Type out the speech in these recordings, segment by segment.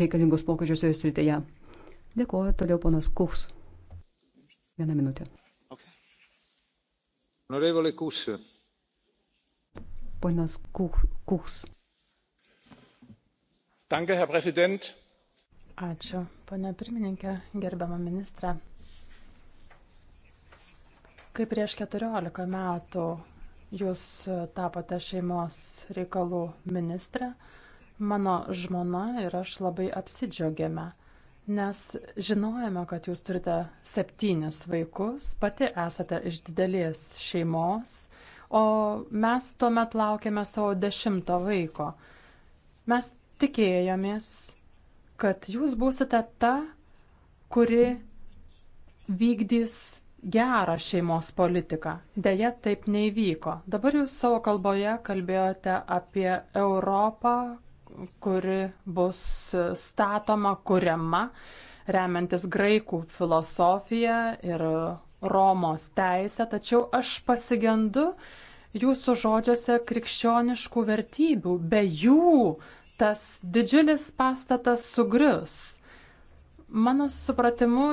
reikalingus pokyčius jo srityje. Dėkuoju, toliau ponas Kus. Vieną minutę. Honorevole Kus. Ponas Kus. Danke, Herr Präsident. Ačiū, pane pirmininkė, gerbiama ministrė. Kaip prieš 14 metų jūs tapote šeimos reikalų ministrė, Mano žmona ir aš labai apsidžiaugėme, nes žinojame, kad jūs turite septynis vaikus, pati esate iš didelės šeimos, o mes tuomet laukiame savo dešimto vaiko. Mes tikėjomės, kad jūs būsite ta, kuri vykdys gerą šeimos politiką. Deja, taip neįvyko. Dabar jūs savo kalboje kalbėjote apie Europą, kuri bus statoma, kuriama, remiantis graikų filosofiją ir Romos teisę, tačiau aš pasigendu jūsų žodžiuose krikščioniškų vertybių. Be jų tas didžiulis pastatas sugrius. Mano supratimu,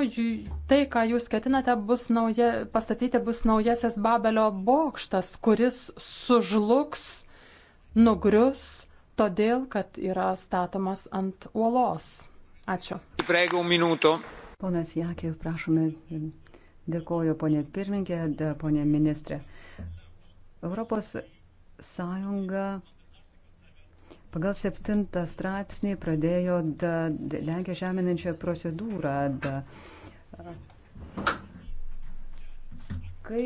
tai, ką jūs ketinate bus nauja, pastatyti, bus naujasis Babelio bokštas, kuris sužlugs, nugrius todėl, kad yra statomas ant uolos. Ačiū. Prego, Ponas Jakė, prašome, dėkoju ponė pirmininkė, ponė ministrė. Europos Sąjunga pagal septintą straipsnį pradėjo da, da, Lenkiją žeminančią procedūrą. Da, kai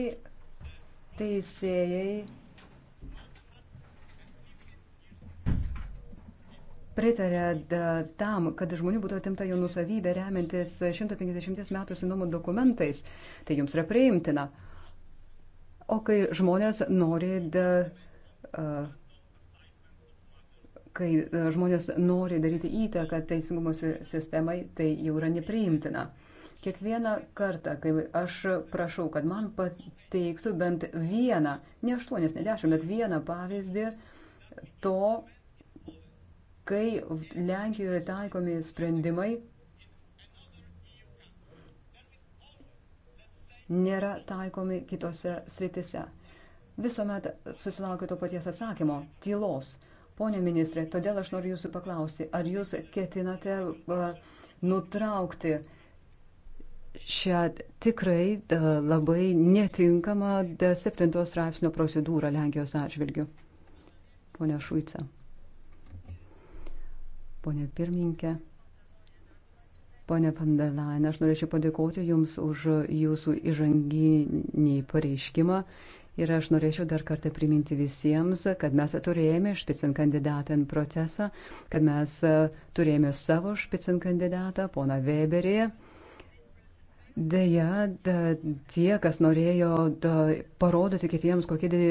teisėjai pritarė tam, kad žmonių būtų atimta jų nusavybė remiantis 150 metų senumo dokumentais, tai jums yra priimtina. O kai žmonės nori, da, kai žmonės nori daryti įtaką teisingumo sistemai, tai jau yra nepriimtina. Kiekvieną kartą, kai aš prašau, kad man pateiktų bent vieną, ne aštuonis, ne dešimt, bet vieną pavyzdį to, kai Lenkijoje taikomi sprendimai nėra taikomi kitose sritise. Visuomet susilaukiu to paties atsakymo - tylos. Pone ministrė, todėl aš noriu jūsų paklausti, ar jūs ketinate uh, nutraukti šią tikrai uh, labai netinkamą 7 straipsnio procedūrą Lenkijos atžvilgiu? Pone Šuica ponė pirmininkė. Pone van der Leyen, aš norėčiau padėkoti Jums už Jūsų įžanginį pareiškimą ir aš norėčiau dar kartą priminti visiems, kad mes turėjome špicin kandidatą į procesą, kad mes turėjome savo špicin kandidatą, poną Weberį. Deja, da, tie, kas norėjo da, parodyti kitiems, kokie da,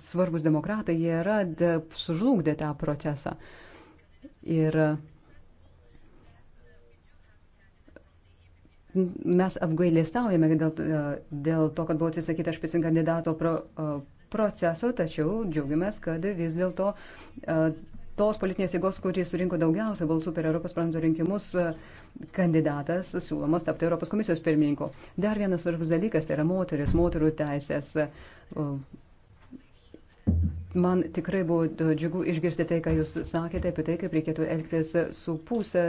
svarbus demokratai jie yra, da, sužlugdė tą procesą. Ir mes apgailėstaujame dėl, dėl to, kad buvo atsisakyta špicin kandidato pro, proceso, tačiau džiaugiamės, kad vis dėlto tos politinės jėgos, kuris surinko daugiausia balsų per Europos parlamento rinkimus, kandidatas siūlomas tapti Europos komisijos pirmininku. Dar vienas svarbus dalykas tai yra moteris, moterų teisės. Man tikrai buvo džiugu išgirsti tai, ką Jūs sakėte apie tai, kaip reikėtų elgtis su pusė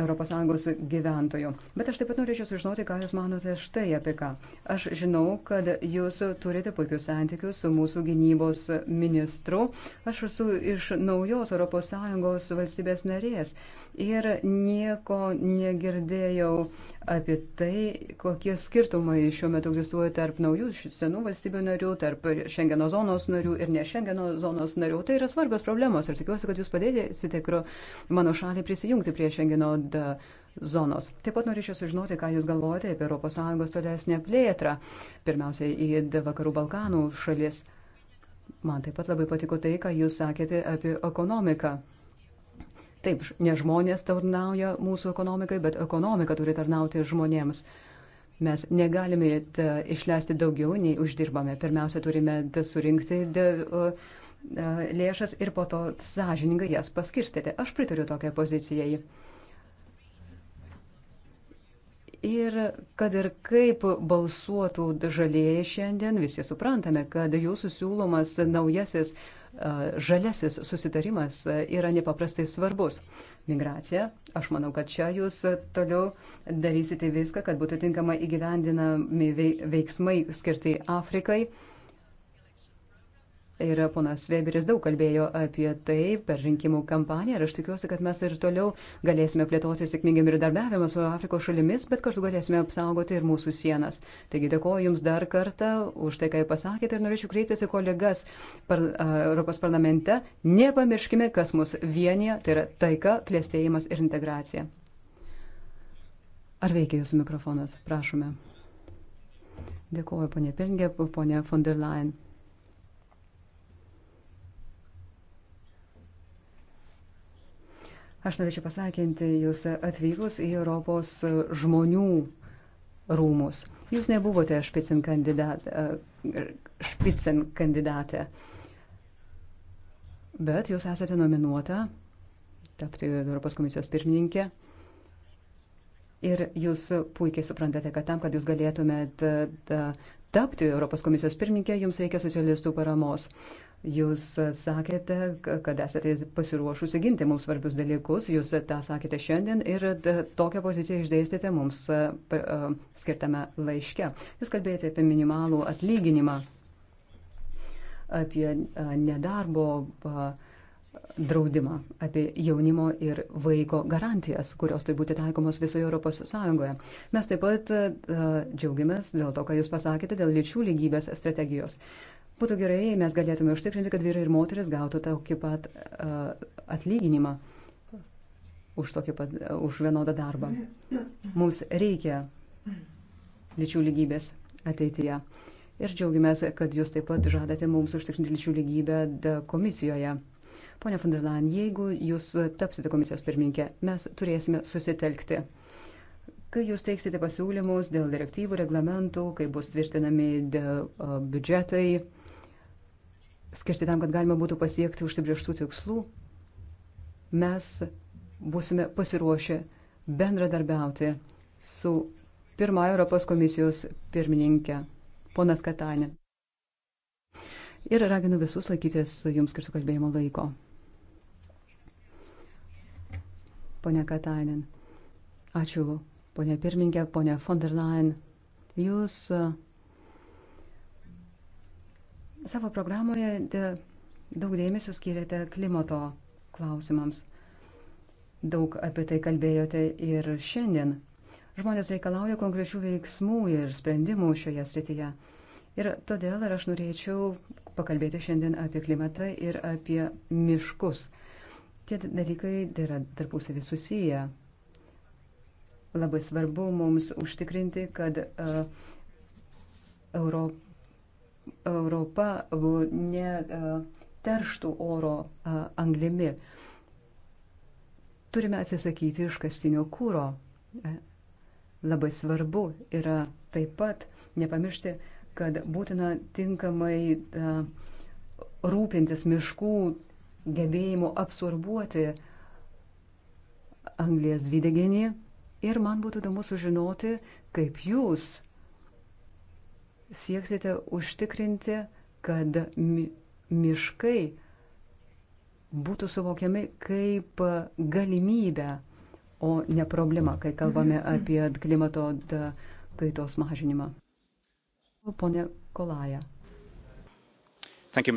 ES gyventojų. Bet aš taip pat norėčiau sužinoti, ką Jūs manote štai apie ką. Aš žinau, kad Jūs turite puikius santykius su mūsų gynybos ministru. Aš esu iš naujos ES valstybės narės ir nieko negirdėjau apie tai, kokie skirtumai šiuo metu egzistuoja tarp naujų senų valstybių narių, tarp Šengeno zonos narių ir ne Šengeno zonos narių. Tai yra svarbios problemos ir tikiuosi, kad jūs padėsite mano šaliai prisijungti prie Šengeno zonos. Taip pat norėčiau sužinoti, ką jūs galvojate apie ES tolesnę plėtrą, pirmiausia į Vakarų Balkanų šalis. Man taip pat labai patiko tai, ką jūs sakėte apie ekonomiką. Taip, ne žmonės tarnauja mūsų ekonomikai, bet ekonomika turi tarnauti žmonėms. Mes negalime e, išleisti daugiau, nei uždirbame. Pirmiausia, turime surinkti e, lėšas ir po to sąžiningai jas paskirstyti. Aš pritariu tokiai pozicijai. Ir kad ir kaip balsuotų žalieji šiandien, visi suprantame, kad jūsų siūlomas naujasis uh, žalesis susitarimas yra nepaprastai svarbus. Migracija, aš manau, kad čia jūs toliau darysite viską, kad būtų tinkamai įgyvendinami veiksmai skirti Afrikai. Ir ponas Weberis daug kalbėjo apie tai per rinkimų kampaniją ir aš tikiuosi, kad mes ir toliau galėsime plėtoti sėkmingai bendradarbiavimą su Afrikos šalimis, bet kartu galėsime apsaugoti ir mūsų sienas. Taigi dėkoju Jums dar kartą už tai, ką pasakėte ir norėčiau kreiptis į kolegas par, uh, Europos parlamente. Nepamirškime, kas mus vienyje, tai yra taika, klėstėjimas ir integracija. Ar veikia Jūsų mikrofonas? Prašome. Dėkuoju, ponė Pirngė, ponė von der Leyen. Aš norėčiau pasakinti jūs atvykus į Europos žmonių rūmus. Jūs nebuvote špicin kandidatė, e, špicin kandidatė bet jūs esate nominuota tapti Europos komisijos pirmininkė. Ir jūs puikiai suprantate, kad tam, kad jūs galėtumėte tapti Europos komisijos pirmininkė, jums reikia socialistų paramos. Jūs sakėte, kad esate pasiruošusi ginti mums svarbius dalykus, jūs tą sakėte šiandien ir tokią poziciją išdėstėte mums e, e, skirtame laiške. Jūs kalbėjote apie minimalų atlyginimą, apie e, nedarbo draudimą, apie jaunimo ir vaiko garantijas, kurios turi būti taikomos visoje Europos Sąjungoje. Mes taip pat džiaugiamės dėl to, ką jūs pasakėte, dėl lyčių lygybės strategijos. Būtų gerai, jei mes galėtume užtikrinti, kad vyrai ir moteris gautų tokį pat uh, atlyginimą už, pat, uh, už vienodą darbą. Mums reikia lyčių lygybės ateityje. Ir džiaugiamės, kad jūs taip pat žadate mums užtikrinti lyčių lygybę komisijoje. Pone von der Leyen, jeigu jūs tapsite komisijos pirmininkė, mes turėsime susitelkti. Kai jūs teiksite pasiūlymus dėl direktyvų, reglamentų, kai bus tvirtinami biudžetai, skirti tam, kad galima būtų pasiekti užsibrieštų tikslų, mes būsime pasiruošę bendradarbiauti su pirmąją Europos komisijos pirmininkę, ponas Katanė. Ir raginu visus laikytis jums skirtų kalbėjimo laiko. Pone Katainen. Ačiū, ponė pirmininkė, ponė von der Leyen. Jūs uh, Savo programoje daug dėmesio skiriate klimato klausimams. Daug apie tai kalbėjote ir šiandien. Žmonės reikalauja konkrečių veiksmų ir sprendimų šioje srityje. Ir todėl ir aš norėčiau pakalbėti šiandien apie klimatą ir apie miškus. Tie dalykai tai yra tarpusavį susiję. Labai svarbu mums užtikrinti, kad uh, e, Europa Europa neterštų e, oro e, anglimi. Turime atsisakyti iškastinio kūro. E, labai svarbu yra taip pat nepamiršti, kad būtina tinkamai rūpintis miškų gebėjimu absorbuoti anglės dvideginį. Ir man būtų įdomu sužinoti, kaip jūs sieksite užtikrinti, kad mi miškai būtų suvokiami kaip galimybę, o ne problema, kai kalbame mhm, mhm. apie klimato kaitos mažinimą. Pone Kolaja. You,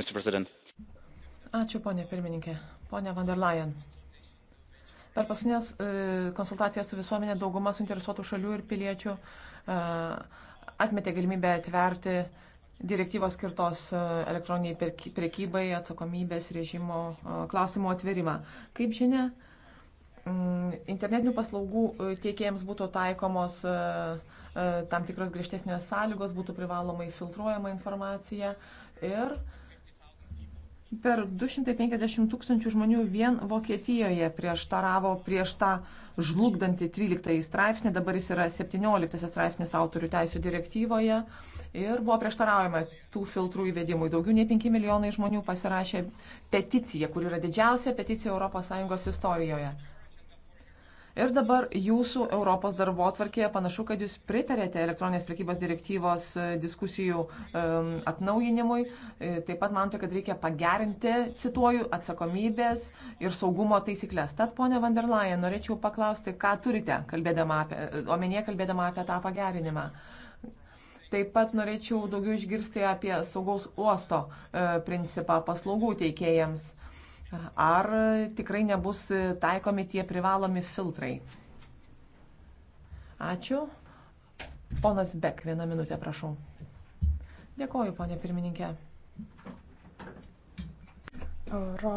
Ačiū, ponė pirmininkė. Pone van der Leyen. Per paskutinės e, konsultacijas su visuomenė dauguma suinteresuotų šalių ir piliečių e, atmetė galimybę atverti direktyvos skirtos e, elektroniniai prekybai atsakomybės režimo e, klausimo atverimą. Kaip žinia, mm, internetinių paslaugų e, tiekėjams būtų taikomos tam tikros griežtesnės sąlygos, būtų privalomai filtruojama informacija ir Per 250 tūkstančių žmonių vien Vokietijoje prieštaravo prieš tą žlugdantį 13 straipsnį, dabar jis yra 17 straipsnis autorių teisų direktyvoje ir buvo prieštaraujama tų filtrų įvedimui. Daugiau nei 5 milijonai žmonių pasirašė peticiją, kur yra didžiausia peticija ES istorijoje. Ir dabar jūsų Europos darbo atvarkėje panašu, kad jūs pritarėte elektroninės prekybos direktyvos e, diskusijų atnaujinimui. E, taip pat manote, kad reikia pagerinti, cituoju, atsakomybės ir saugumo taisyklės. Tad, ponė van der Leyen, norėčiau paklausti, ką turite kalbėdama apie, e, omenyje kalbėdama apie tą pagerinimą. Taip pat norėčiau daugiau išgirsti apie saugaus uosto principą paslaugų teikėjams. Ar tikrai nebus taikomi tie privalomi filtrai? Ačiū. Ponas Bek, vieną minutę prašau. Dėkoju, ponė pirmininkė. Euro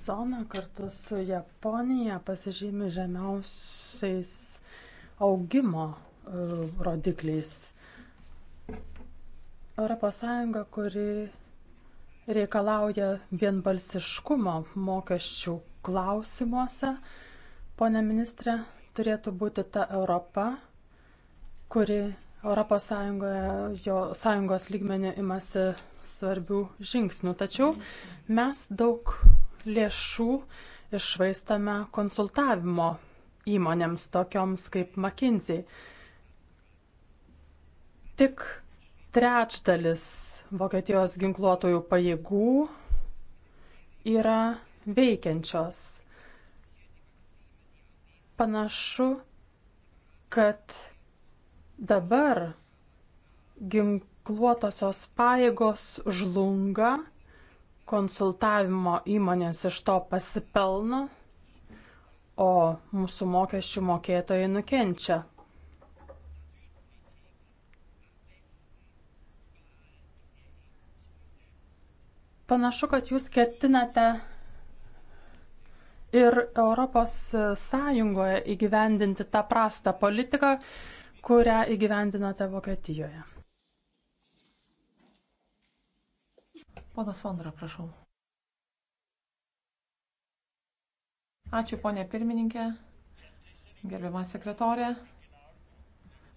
zona kartu su Japonija pasižymi žemiausiais augimo e, rodikliais. ES, kuri reikalauja vienbalsiškumo mokesčių klausimuose. Pone ministrė, turėtų būti ta Europa, kuri Europos Sąjungoje, jo sąjungos lygmenį imasi svarbių žingsnių. Tačiau mes daug lėšų išvaistame konsultavimo įmonėms tokioms kaip McKinsey. Tik trečdalis Vokietijos ginkluotojų pajėgų yra veikiančios. Panašu, kad dabar ginkluotosios pajėgos žlunga, konsultavimo įmonės iš to pasipelno, o mūsų mokesčių mokėtojai nukenčia. Panašu, kad jūs ketinate ir Europos Sąjungoje įgyvendinti tą prastą politiką, kurią įgyvendinote Vokietijoje. Ponas Vondra, prašau. Ačiū, ponė pirmininkė, gerbiamas sekretorė.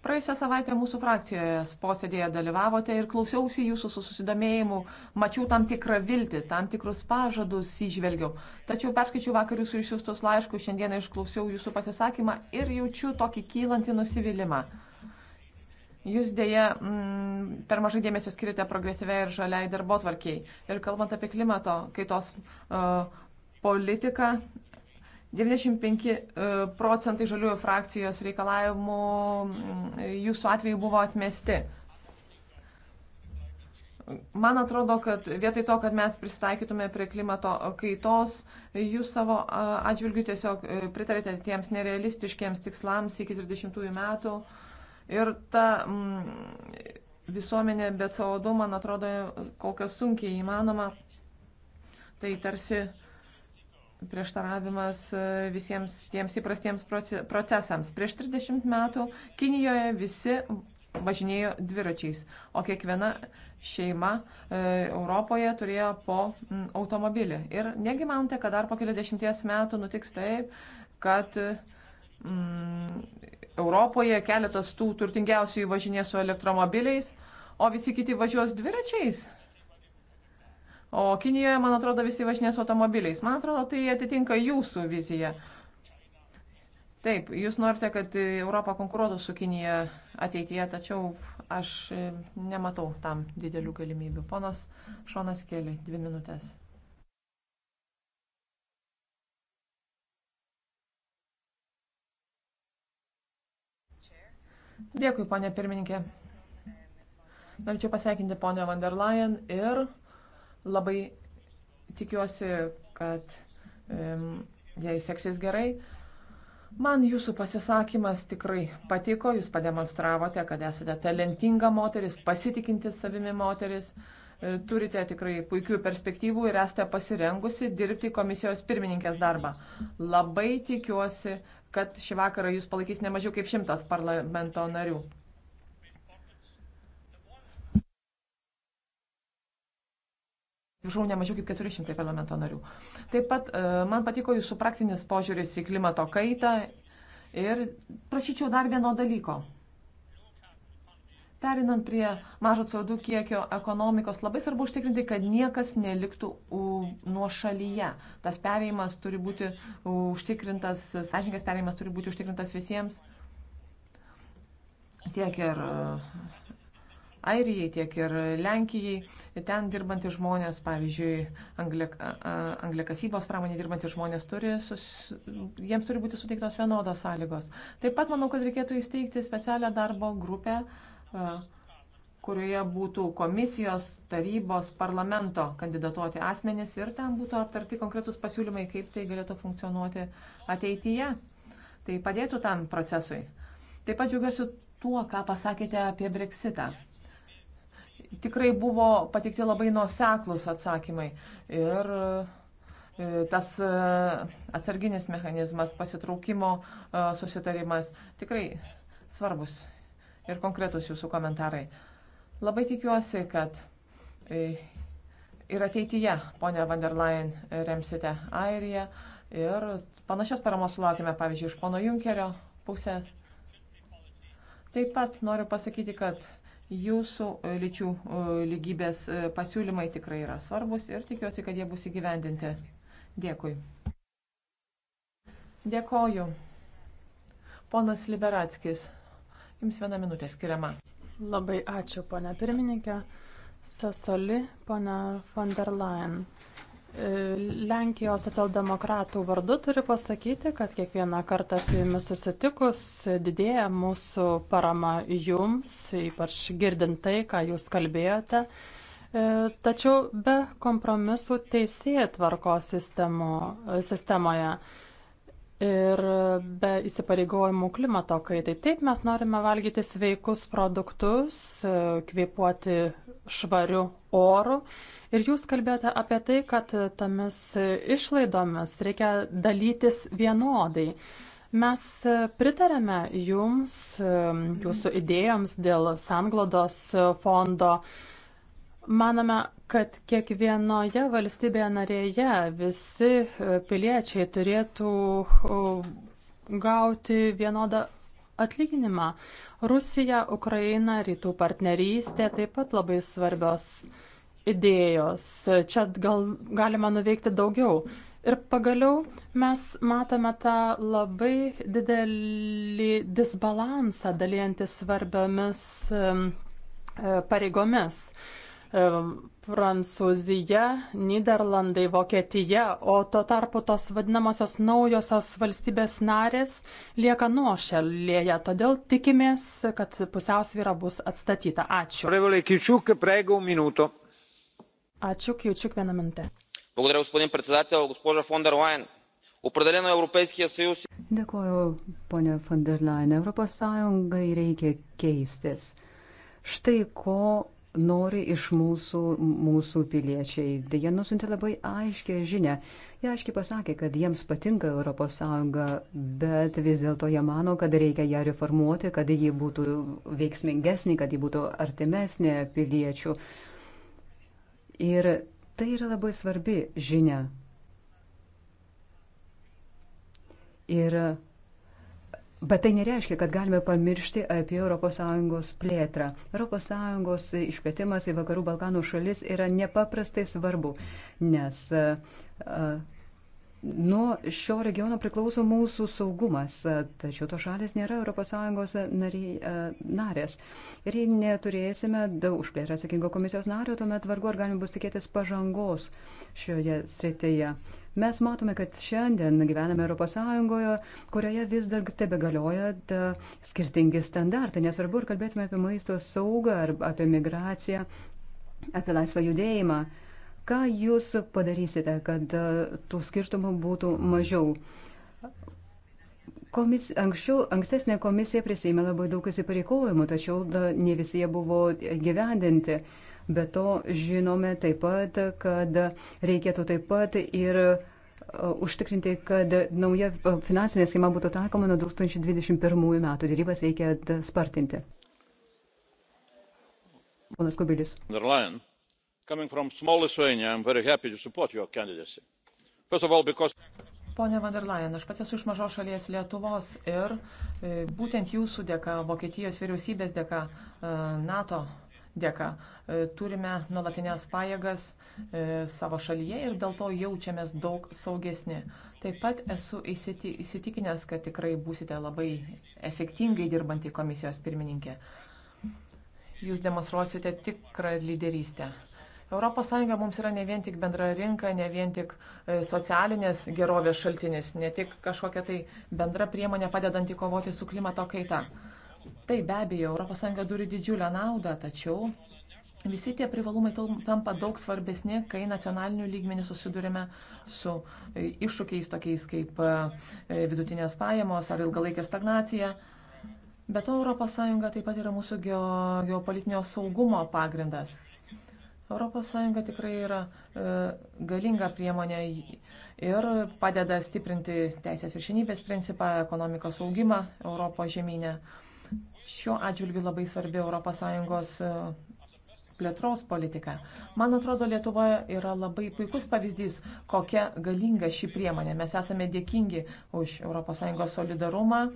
Praėjusią savaitę mūsų frakcijoje posėdėje dalyvavote ir klausiausi jūsų su susidomėjimu, mačiau tam tikrą viltį, tam tikrus pažadus įžvelgiau. Tačiau perskaičiu vakar jūsų išsiųstus laiškus, šiandieną išklausiau jūsų pasisakymą ir jaučiu tokį kylantį nusivylimą. Jūs dėja m, mm, per mažai dėmesio skiriate progresyviai ir žaliai darbo tvarkiai. Ir kalbant apie klimato kaitos uh, politiką, 95 e, procentai žaliųjų frakcijos reikalavimų jūsų atveju buvo atmesti. Man atrodo, kad vietoj to, kad mes pristaikytume prie klimato kaitos, jūs savo atžvilgių tiesiog e, pritarėte tiems nerealistiškiems tikslams iki 30 metų. Ir ta mm, visuomenė be CO2, man atrodo, kol kas sunkiai įmanoma. Tai tarsi uh, prieštaravimas e, visiems tiems įprastiems procesams. Prieš 30 metų Kinijoje visi važinėjo dviračiais, o kiekviena šeima e, Europoje turėjo po m, automobilį. Ir negi manote, kad dar po keliasdešimties metų nutiks taip, kad m, Europoje keletas tų turtingiausių važinės su elektromobiliais, o visi kiti važiuos dviračiais? O Kinijoje, man atrodo, visi važinės automobiliais. Man atrodo, tai atitinka jūsų viziją. Taip, jūs norite, kad Europa konkuruotų su Kinija ateityje, tačiau aš e, nematau tam didelių galimybių. Ponas Šonas Kėlė, dvi minutės. Dėkui, ponė pirmininkė. Norėčiau pasveikinti ponę Van der Leyen ir Labai tikiuosi, kad jai seksis gerai. Man jūsų pasisakymas tikrai patiko, jūs pademonstravote, kad esate talentinga moteris, pasitikinti savimi moteris, e, turite tikrai puikių perspektyvų ir esate pasirengusi dirbti komisijos pirmininkės darbą. Labai tikiuosi, kad šį vakarą jūs palaikys nemažiau kaip šimtas parlamento narių. Žinau, ne mažiau kaip 400 parlamento narių. Taip pat e, man patiko jūsų praktinis požiūris į klimato kaitą ir prašyčiau dar vieno dalyko. Perinant prie mažo CO2 kiekio ekonomikos, labai svarbu užtikrinti, kad niekas neliktų nuo šalyje. Tas perėjimas turi būti užtikrintas, sąžininkas perėjimas turi būti užtikrintas visiems, tiek ir Airijai, tiek ir Lenkijai. Ten dirbantys žmonės, pavyzdžiui, anglikasybos pramonė dirbantys žmonės, turi sus, jiems turi būti suteiktos vienodos sąlygos. Taip pat manau, kad reikėtų įsteigti specialią darbo grupę kurioje būtų komisijos, tarybos, parlamento kandidatuoti asmenys ir ten būtų aptarti konkretus pasiūlymai, kaip tai galėtų funkcionuoti ateityje. Tai padėtų tam procesui. Taip pat džiugiuosi tuo, ką pasakėte apie Brexitą tikrai buvo pateikti labai nuoseklus atsakymai. Ir e, tas e, atsarginis mechanizmas, pasitraukimo e, susitarimas, tikrai svarbus ir konkretus jūsų komentarai. Labai tikiuosi, kad ir ateityje, ponia van der Leyen, remsite Airiją ir panašios paramos sulaukime, pavyzdžiui, iš pono Junkerio pusės. Taip pat noriu pasakyti, kad Jūsų e, lyčių e, lygybės e, pasiūlymai tikrai yra svarbus ir tikiuosi, kad jie bus įgyvendinti. Dėkui. Dėkoju. Ponas Liberatskis, jums viena minutė skiriama. Labai ačiū, ponia pirmininkė. Sasoli, ponia von der Leyen. Lenkijos socialdemokratų vardu turiu pasakyti, kad kiekvieną kartą su jumis susitikus didėja mūsų parama jums, ypač girdint tai, ką jūs kalbėjote. E, tačiau be kompromisų teisėjai tvarko sistemo, sistemoje ir be įsipareigojimų klimato kaitai. Taip mes norime valgyti sveikus produktus, kvėpuoti švariu oru. Ir jūs kalbėjote apie tai, kad tomis išlaidomis reikia dalytis vienodai. Mes pritarėme jums, jūsų idėjoms dėl sanglodos fondo. Maname, kad kiekvienoje valstybėje narėje visi e, piliečiai turėtų gauti vienodą atlyginimą. Rusija, Ukraina, rytų partnerystė taip pat labai svarbios idėjos. Čia gal galima nuveikti daugiau. Ir pagaliau mes matome tą labai didelį disbalansą dalyjantį svarbiomis e, pareigomis. Um, Prancūzija, Niderlandai, Vokietija, o tuo tarpu tos vadinamosios naujosios valstybės narės lieka nuošalėje. Todėl tikimės, kad pusiausvyra bus atstatyta. Ačiū. Kiučiuk, prego, Ačiū, Kiučiuk, vieną minutę. Благодаря, господин председател. Госпожа фон дер Лайен, определено Европейския съюз. Dėkuoju, ponia von der Leyen. Europos Sąjungai reikia keistis. Štai ko nori iš mūsų, mūsų piliečiai. Jie nusintė labai aiškę žinę. Jie aiškiai pasakė, kad jiems patinka ES, bet vis dėlto jie mano, kad reikia ją reformuoti, kad ji būtų veiksmingesnė, kad ji būtų artimesnė piliečių. Ir tai yra labai svarbi žinia. Ir Bet tai nereiškia, kad galime pamiršti apie ES plėtrą. ES išplėtimas į Vakarų Balkanų šalis yra nepaprastai svarbu, nes Nuo šio regiono priklauso mūsų saugumas, tačiau to šalis nėra ES e, narės. Ir jei neturėsime daug užplėrę atsakingo komisijos nario, tuomet vargu ar galime bus tikėtis pažangos šioje srityje. Mes matome, kad šiandien gyvename ES, kurioje vis dar tebe galioja da, skirtingi standartai, nesvarbu, ar kalbėtume apie maisto saugą, ar apie migraciją, apie laisvą judėjimą. Ką jūs padarysite, kad e, tų skirtumų būtų mažiau? Komis, anksčiau, ankstesnė komisija prisėmė labai daug įsipareikojimų, tačiau da, ne visi jie buvo gyvendinti. Be to žinome taip pat, kad reikėtų taip pat ir e, užtikrinti, kad nauja e, finansinė schema būtų taikoma nuo 2021 metų. Dėrybas reikia spartinti. Ponas Kubilius. Darlajan coming from small lithuania i'm very happy to support your candidacy. first of all because. Pone van der Leyen, aš pats esu iš mažos šalies Lietuvos ir e, būtent jūsų dėka, Vokietijos vyriausybės dėka, e, NATO dėka e, turime nuolatinės pajėgas savo šalyje ir dėl to jaučiamės daug saugesni. Taip pat esu įsitikinęs, kad tikrai būsite labai efektingai dirbantį komisijos pirmininkė. Jūs demonstruosite tikrą lyderystę. ES mums yra ne vien tik bendra rinka, ne vien tik e, socialinės gerovės šaltinis, ne tik kažkokia tai bendra priemonė padedanti kovoti su klimato kaita. Tai be abejo, ES turi didžiulę naudą, tačiau visi tie privalumai tampa daug svarbesni, kai nacionaliniu lygmeniu susidurime su e, iššūkiais tokiais kaip e, vidutinės pajamos ar ilgalaikė stagnacija. Be to, ES taip pat yra mūsų geopolitinio saugumo pagrindas. ES tikrai yra e, galinga priemonė ir padeda stiprinti teisės viršinybės principą, ekonomikos augimą Europos žemynę. Šiuo atžvilgiu labai svarbi ES e, plėtros politika. Man atrodo, Lietuva yra labai puikus pavyzdys, kokia galinga ši priemonė. Mes esame dėkingi už ES solidarumą e,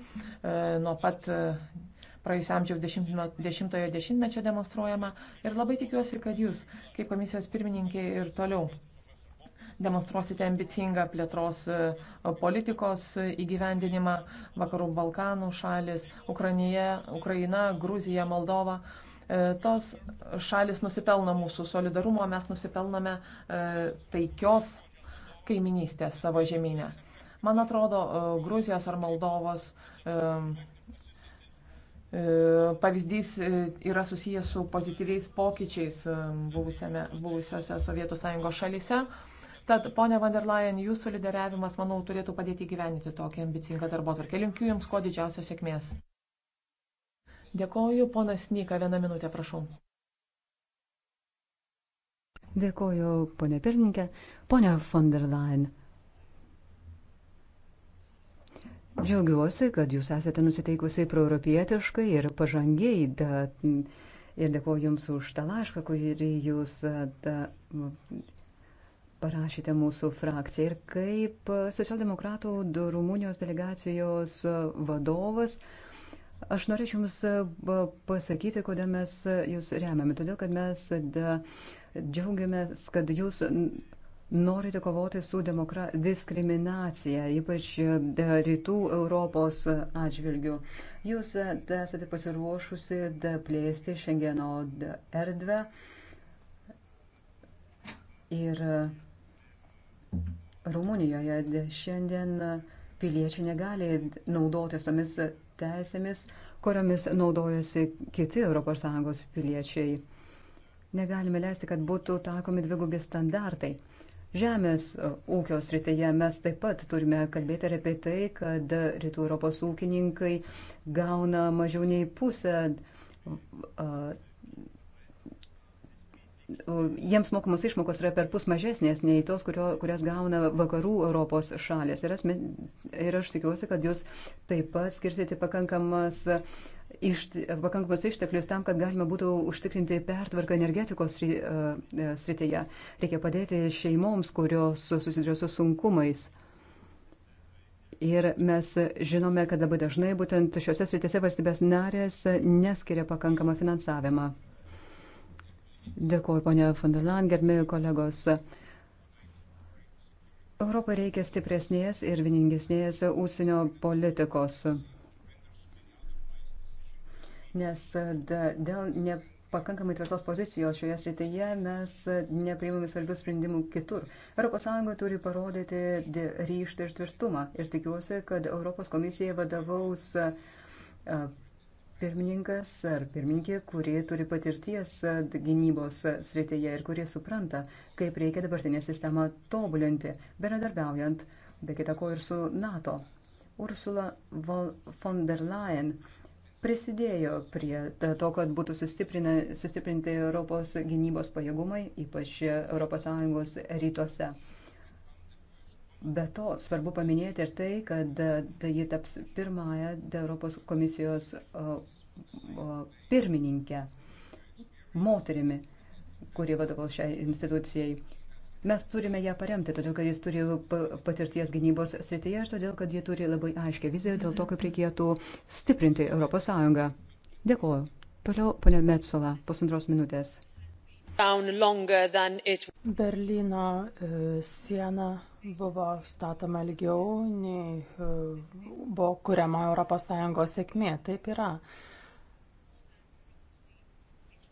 nuo pat praėjusio amžiaus dešimtojo dešimtmečio demonstruojama. Ir labai tikiuosi, kad jūs, kaip komisijos pirmininkė, ir toliau demonstruosite ambicingą plėtros e, politikos įgyvendinimą Vakarų Balkanų šalis, Ukrainija, Ukraina, Gruzija, Moldova e, tos šalis nusipelno mūsų solidarumo, mes nusipelname e, taikios kaiminystės savo žemynę. Man atrodo, Gruzijos ar Moldovos E, pavyzdys e, yra susijęs su pozityviais pokyčiais e, buvusiame, buvusiose Sovietų sąjungos šalise. Tad, ponia van der Leyen, jūsų lyderiavimas, manau, turėtų padėti gyveninti tokią ambicingą darbo tvarkę. Linkiu Jums kuo didžiausios sėkmės. Dėkoju, ponas Nika, vieną minutę, prašau. Dėkoju, ponia pirmininkė. Ponia von der Leyen. Džiaugiuosi, kad jūs esate nusiteikusi proeuropietiškai ir pažangiai. Da, ir dėkoju Jums už tą laišką, kurį Jūs da, parašėte mūsų frakciją. Ir kaip socialdemokratų Rumunijos delegacijos vadovas, aš norėčiau Jums pasakyti, kodėl mes Jūs remiame. Todėl, kad mes da, džiaugiamės, kad Jūs norite kovoti su demokra... diskriminacija, ypač e, rytų Europos atžvilgių. Jūs e, esate pasiruošusi plėsti Šengeno erdvę ir e, Rumunijoje šiandien piliečiai negali naudotis tomis teisėmis, kuriomis naudojasi kiti ES piliečiai. Negalime leisti, kad būtų takomi dvigubi standartai. Žemės e, ūkio srityje mes taip pat turime kalbėti ir apie tai, kad rytų Europos ūkininkai gauna mažiau nei pusę. E, e, jiems mokamos išmokos yra per pus mažesnės nei tos, kurio, kurias gauna vakarų Europos šalės. Ir, asmen, ir aš tikiuosi, kad jūs taip pat skirsite pakankamas uh, iš, pakankamus išteklius tam, kad galima būtų užtikrinti pertvarką energetikos e, e, srityje. Reikia padėti šeimoms, kurios susiduria su sunkumais. Ir mes žinome, kad labai dažnai būtent šiuose srityse valstybės narės neskiria pakankamą finansavimą. Dėkuoju, ponia von der Leyen, gerbėjai kolegos. Europai reikia stipresnės ir vieningesnės ūsinio politikos nes e, dėl nepakankamai tvirtos pozicijos šioje srityje mes e, nepriimame svarbių sprendimų kitur. ES turi parodyti ryštą ir tvirtumą ir tikiuosi, kad Europos komisija vadovaus e, pirmininkas ar pirmininkė, kurie turi patirties gynybos srityje ir kurie supranta, kaip reikia dabartinę sistemą tobulinti, bendradarbiaujant, be kita ko ir su NATO. Ursula von der Leyen prisidėjo prie to, kad būtų sustiprinti Europos gynybos pajėgumai, ypač ES rytuose. Be to, svarbu paminėti ir tai, kad ji taps pirmąją Europos komisijos pirmininkę moterimi, kuri vadovaus šiai institucijai. Mes turime ją paremti, todėl kad jis turi patirties gynybos srityje ir todėl kad jie turi labai aiškę viziją dėl to, kaip reikėtų stiprinti ES. Dėkuoju. Toliau, ponia Metsola, pusantros minutės. Berlyno e, siena buvo statoma ilgiau nei e, buvo kuriama ES sėkmė. Taip yra.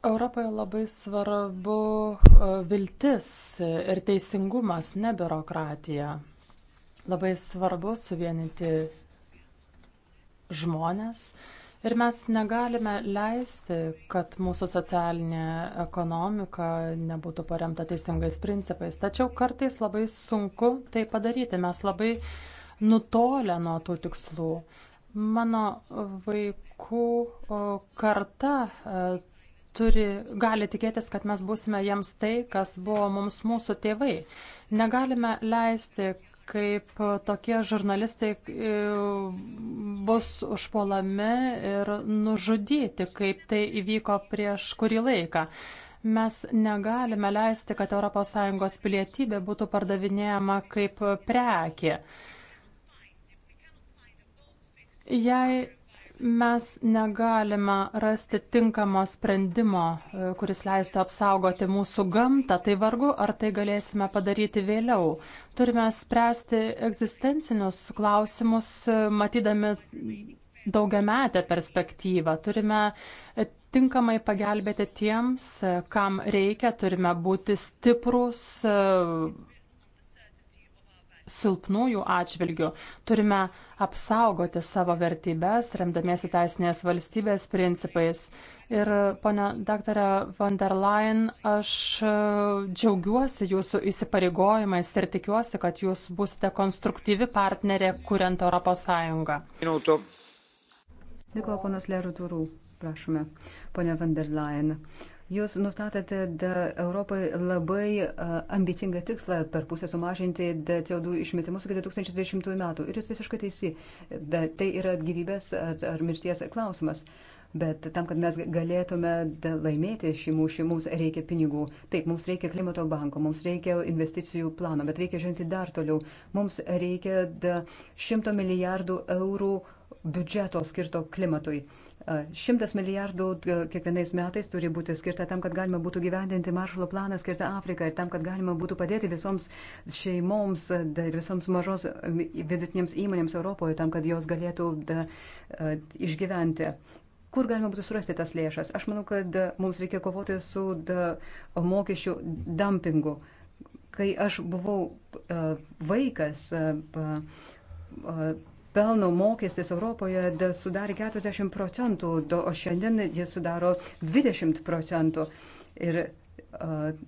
Europoje labai svarbu e, viltis ir teisingumas, ne biurokratija. Labai svarbu suvienyti žmonės. Ir mes negalime leisti, kad mūsų socialinė ekonomika nebūtų paremta teisingais principais. Tačiau kartais labai sunku tai padaryti. Mes labai nutolę nuo tų tikslų. Mano vaikų karta e, turi, gali tikėtis, kad mes būsime jiems tai, kas buvo mums mūsų tėvai. Negalime leisti, kaip tokie žurnalistai e, bus užpuolami ir nužudyti, kaip tai įvyko prieš kurį laiką. Mes negalime leisti, kad ES pilietybė būtų pardavinėjama kaip prekė. Jei mes negalime rasti tinkamo sprendimo, e, kuris leistų apsaugoti mūsų gamtą, tai vargu ar tai galėsime padaryti vėliau. Turime spręsti egzistencinius klausimus, e, matydami daugiametę perspektyvą. Turime e, tinkamai pagelbėti tiems, kam reikia, turime būti stiprus, silpnųjų atžvilgių. Turime apsaugoti savo vertybės, remdamiesi teisinės valstybės principais. Ir, ponia daktarė von der Leyen, aš e, džiaugiuosi jūsų įsipareigojimais ir tikiuosi, kad jūs busite konstruktyvi partnerė, kuriant ES. Minuto. Dėkuoju, ponas Lerų Turų, prašome, ponia von der Leyen. Jūs nustatėte Europai labai ambicingą tikslą per pusę sumažinti CO2 išmetimus iki 2020 metų. Ir jūs visiškai teisi, da, tai yra gyvybės ar, ar mirties klausimas. Bet tam, kad mes galėtume laimėti šį mūšį, mums reikia pinigų. Taip, mums reikia klimato banko, mums reikia investicijų plano, bet reikia žengti dar toliau. Mums reikia 100 milijardų eurų biudžeto skirto klimatui. Šimtas milijardų kiekvienais metais turi būti skirta tam, kad galima būtų gyvendinti maršalo planą skirtą Afriką ir tam, kad galima būtų padėti visoms šeimoms ir visoms mažos vidutinėms įmonėms Europoje, tam, kad jos galėtų da, išgyventi. Kur galima būtų surasti tas lėšas? Aš manau, kad mums reikia kovoti su da, mokesčių dumpingu. Kai aš buvau uh, vaikas, uh, uh, pelno mokestis Europoje sudarė 40 procentų, o šiandien jis sudaro 20 procentų. Ir uh,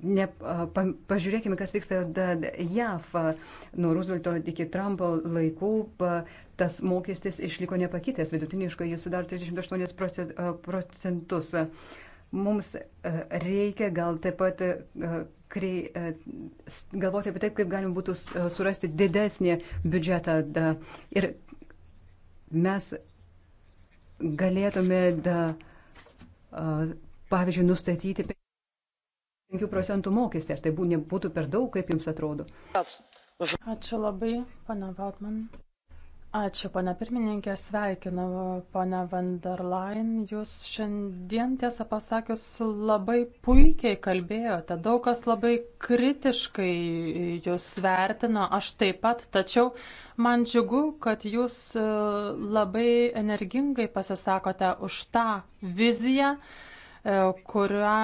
Ne, pa, pažiūrėkime, kas vyksta JAV. Nuo Roosevelto iki Trumpo laikų pa, tas mokestis išliko nepakitęs. Vidutiniškai jis sudaro 38 procentus. Mums reikia gal taip pat krei, e, galvoti apie taip, kaip galima būtų e, surasti didesnį biudžetą. Da, ir mes galėtume, da, e, pavyzdžiui, nustatyti 5 procentų mokestį. Ar tai bū, nebūtų per daug, kaip jums atrodo? Ačiū labai, pana Vautman. Ačiū, pane pirmininkė, sveikinu, pane van der Leyen. Jūs šiandien, tiesą pasakius, labai puikiai kalbėjote. Daug kas labai kritiškai jūs vertino, aš taip pat, tačiau man džiugu, kad jūs e, labai energingai pasisakote už tą viziją, e, kurią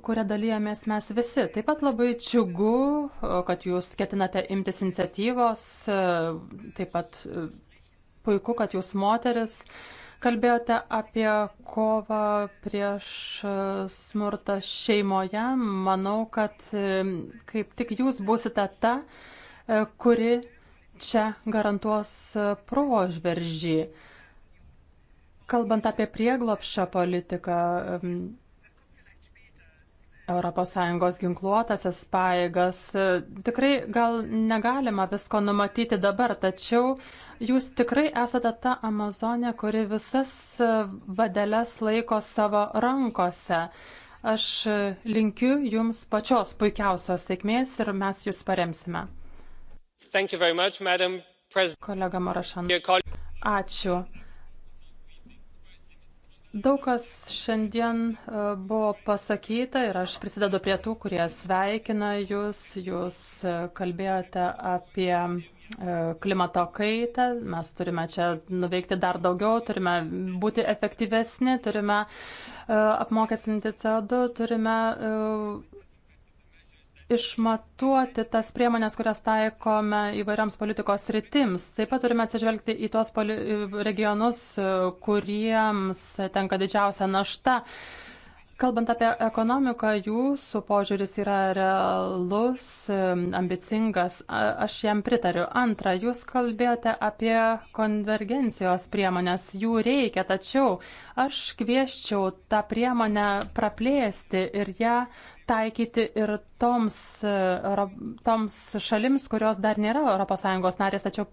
kurią dalyjamės mes visi. Taip pat labai džiugu, kad jūs ketinate imtis iniciatyvos, e, taip pat e, puiku, kad jūs moteris. Kalbėjote apie kovą prieš e, smurtą šeimoje. Manau, kad kaip tik jūs būsite ta, kuri čia garantuos prožveržį. Kalbant apie prieglopšio politiką, ES ginkluotasias paėgas. Tikrai gal negalima visko numatyti dabar, tačiau jūs tikrai esate ta Amazonė, kuri visas vadeles laiko savo rankose. Aš linkiu jums pačios puikiausios sėkmės ir mes jūs paremsime. Much, Kolega Marašan. Ačiū. Daug kas šiandien e, buvo pasakyta ir aš prisidedu prie tų, kurie sveikina jūs. Jūs e, kalbėjote apie e, klimato kaitą, mes turime čia nuveikti dar daugiau, turime būti efektyvesni, turime apmokestinti CO2, turime išmatuoti tas priemonės, kurias taikome įvairioms politikos rytims. Taip pat turime atsižvelgti į tuos regionus, kuriems tenka didžiausia našta Kalbant apie ekonomiką, jūsų požiūris yra realus, ambicingas. Aš jam pritariu. Antra, jūs kalbėjote apie konvergencijos priemonės. Jų reikia, tačiau aš kvieščiau tą priemonę praplėsti ir ją taikyti ir toms, e, toms šalims, kurios dar nėra ES narės, tačiau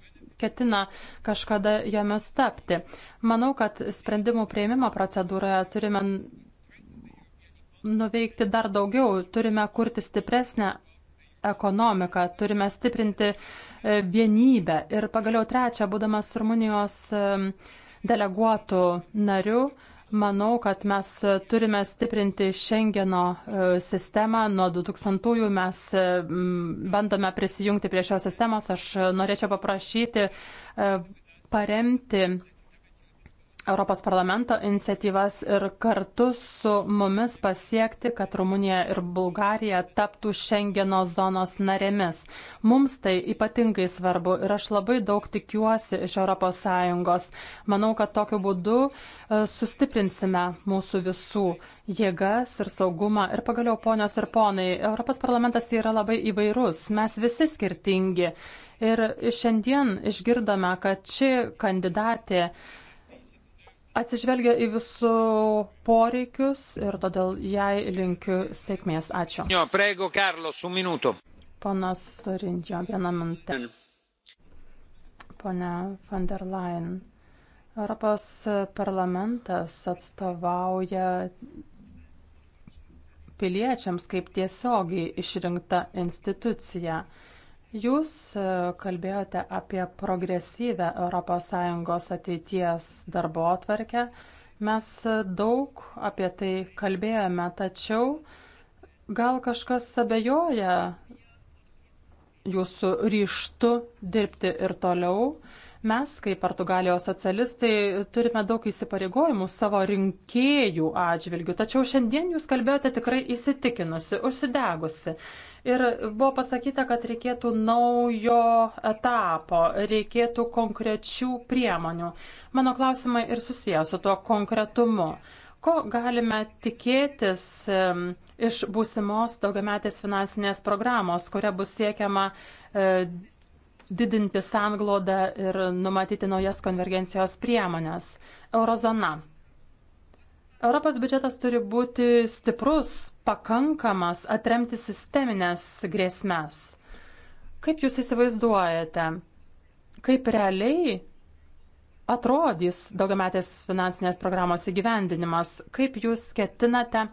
ketina kažkada jomis tapti. Manau, kad sprendimų prieimimo procedūroje turime nuveikti dar daugiau. Turime kurti stipresnę ekonomiką, turime stiprinti e, vienybę. Ir pagaliau trečia, būdamas Rumunijos e, deleguotų narių, manau, kad mes turime stiprinti Schengeno e, sistemą. Nuo 2000-ųjų mes bandome prisijungti prie šios sistemos. Aš norėčiau paprašyti paremti Europos parlamento iniciatyvas ir kartu su mumis pasiekti, kad Rumunija ir Bulgarija taptų Šengeno zonos narėmis. Mums tai ypatingai svarbu ir aš labai daug tikiuosi iš ES. Manau, kad tokiu būdu e, sustiprinsime mūsų visų jėgas ir saugumą. Ir pagaliau, ponios ir ponai, Europos parlamentas tai yra labai įvairus, mes visi skirtingi. Ir šiandien išgirdome, kad ši kandidatė atsižvelgia į visų poreikius ir todėl jai linkiu sėkmės. Ačiū. Jo, prego, Carlos, un minuto. Ponas Rindžio, vieną minutę. Pone van der Leyen, Europos parlamentas atstovauja piliečiams kaip tiesiogiai išrinkta institucija. Jūs e, kalbėjote apie progresyvę ES ateities darbo atvarkę. Mes e, daug apie tai kalbėjome, tačiau gal kažkas abejoja jūsų ryštu dirbti ir toliau. Mes, kaip Portugalijos socialistai, turime daug įsipareigojimų savo rinkėjų atžvilgių, tačiau šiandien jūs kalbėjote tikrai įsitikinusi, užsidegusi. Ir buvo pasakyta, kad reikėtų naujo etapo, reikėtų konkrečių priemonių. Mano klausimai ir susijęs su tuo konkretumu. Ko galime tikėtis iš būsimos daugiametės finansinės programos, kuria bus siekiama e, didinti sanglodą ir numatyti naujas konvergencijos priemonės? Eurozona. Europos biudžetas turi būti stiprus, pakankamas, atremti sisteminės grėsmės. Kaip jūs įsivaizduojate, kaip realiai atrodys daugiametės finansinės programos įgyvendinimas? Kaip jūs ketinate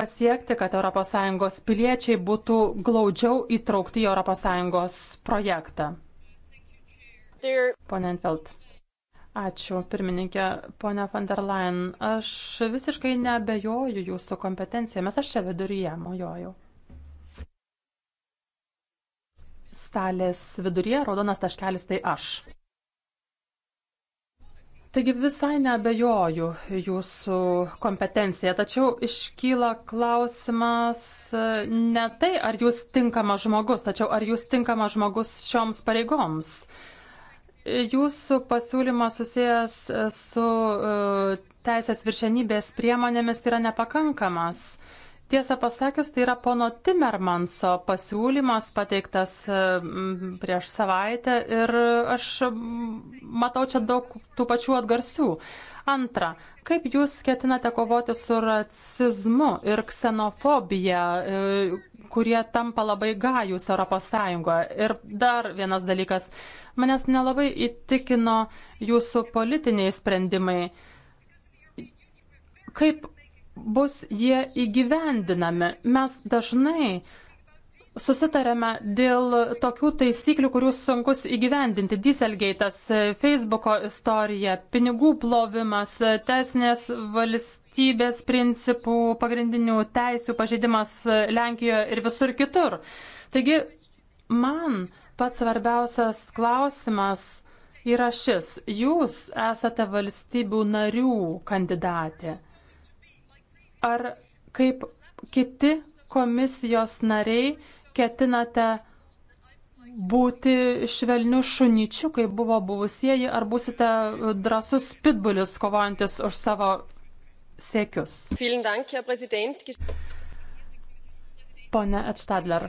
pasiekti, kad ES piliečiai būtų glaudžiau įtraukti į ES projektą? Pone Entelt. Ačiū, pirmininkė, ponia van der Leyen. Aš visiškai nebejoju jūsų kompetencijomis, aš čia viduryje mojojau. Stalės viduryje raudonas taškelis tai aš. Taigi visai nebejoju jūsų kompetencija, tačiau iškyla klausimas e, ne tai, ar jūs tinkamas žmogus, tačiau ar jūs tinkamas žmogus šioms pareigoms. Uh, Jūsų pasiūlymas susijęs e, su e, teisės viršenybės priemonėmis yra nepakankamas. Tiesą pasakius, tai yra pono Timermanso pasiūlymas pateiktas e, prieš savaitę ir aš matau čia daug tų pačių atgarsių. Antra, kaip jūs ketinate kovoti su rasizmu ir ksenofobija, e, kurie tampa labai gajus ES? Ir dar vienas dalykas, manęs nelabai įtikino jūsų politiniai sprendimai. Kaip bus jie įgyvendinami? Mes dažnai uh, susitarėme dėl tokių taisyklių, kurių sunkus įgyvendinti. Dieselgeitas, Facebooko istorija, pinigų plovimas, teisinės valstybės principų, pagrindinių teisių pažeidimas Lenkijoje ir visur kitur. Taigi, man pats svarbiausias klausimas yra šis. Jūs esate valstybių narių kandidatė. Ar kaip kiti komisijos nariai ketinate būti švelniu šunyčiu, kaip buvo buvusieji, ar būsite drasus pitbulis kovojantis už savo siekius? Pone Etstadler.